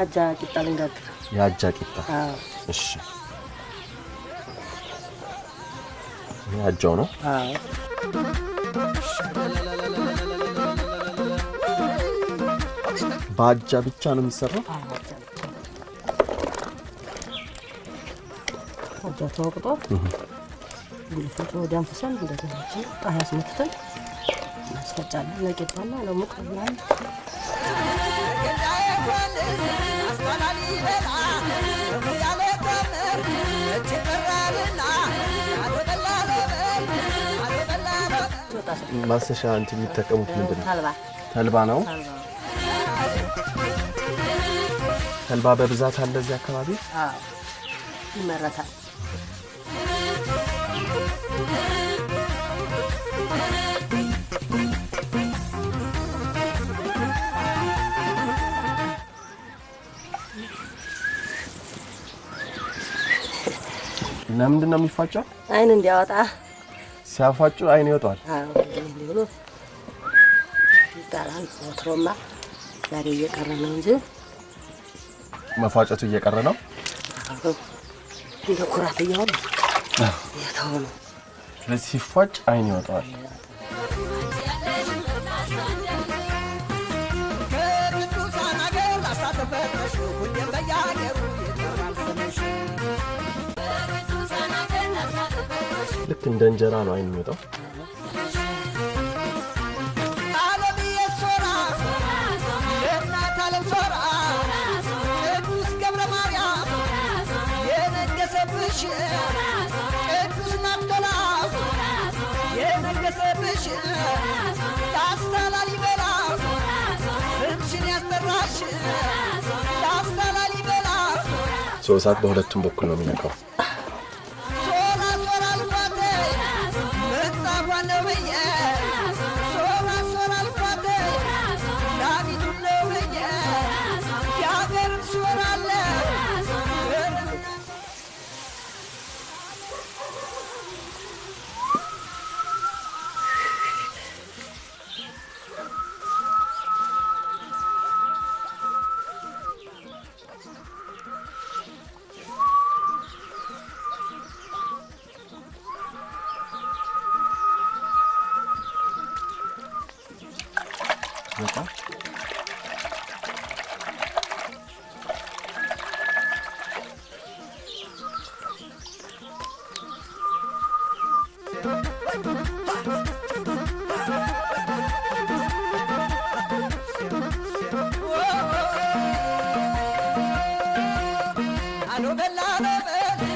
አጃ ቂጣ ልንጋግር። የአጃ ቂጣ እሺ። አጃው ነው። በአጃ ብቻ ነው የሚሰራው። አጃ ተወቅጦ ጉልፈቱ ወደ አንፈሰን እንደዚህ ጣህ ያስመትተን እናስፈጫለን ለቂጣና ለሙቅ ማሰሻ እንትን የሚጠቀሙት ምንድን ነው? ተልባ ነው። ተልባ በብዛት አለ እዚህ አካባቢ ይመረታል። እና ምንድን ነው የሚፋጨው? አይን እንዲያወጣ ሲያፋጩ አይን ይወጣል። ይጣላል። ወትሮማ ዛሬ እየቀረ ነው እንጂ መፋጨቱ እየቀረ ነው። እንደ ኩራት እያወጣ የተው ነው። ስለዚህ ሲፋጭ አይን ይወጣዋል። ልክ እንደ እንጀራ ነው አይን የሚወጣው። ሰዓት በሁለቱም በኩል ነው የሚነካው። 볼까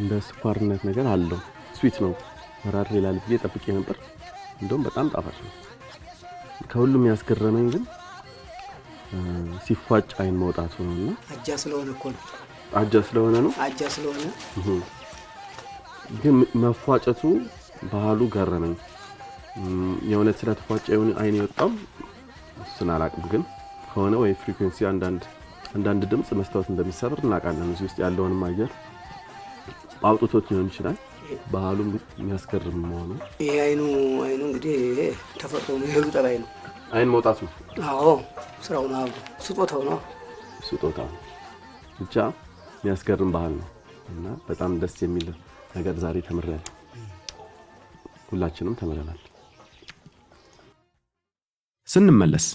እንደ ስኳርነት ነገር አለው። ስዊት ነው፣ መራር ይላል ብዬ ጠብቄ ነበር። እንደውም በጣም ጣፋጭ ነው። ከሁሉም ያስገረመኝ ግን ሲፋጭ አይን መውጣቱ ነው። እና አጃ ስለሆነ እኮ ነው። አጃ ስለሆነ ነው። አጃ ስለሆነ ግን መፏጨቱ ባህሉ ገረመኝ። የእውነት ስለተፏጨ የሆነ አይን የወጣው እሱን አላቅም፣ ግን ከሆነ ወይ ፍሪኩዌንሲ አንዳንድ ድምፅ መስታወት እንደሚሰብር እናውቃለን። እዚህ ውስጥ ያለውንም አየር አውጥቶት ሊሆን ይችላል። ባህሉም የሚያስገርም መሆኑ ይሄ አይኑ አይኑ እንግዲህ ተፈጥሮ ነው። የህሉ ጠባይ ነው። አይን መውጣቱ ነው። አዎ ስራው ነው። ስጦታው ነው። ስጦታ ብቻ የሚያስገርም ባህል ነው እና በጣም ደስ የሚል ነገር ዛሬ ተምረናል። ሁላችንም ተምረናል። ስንመለስ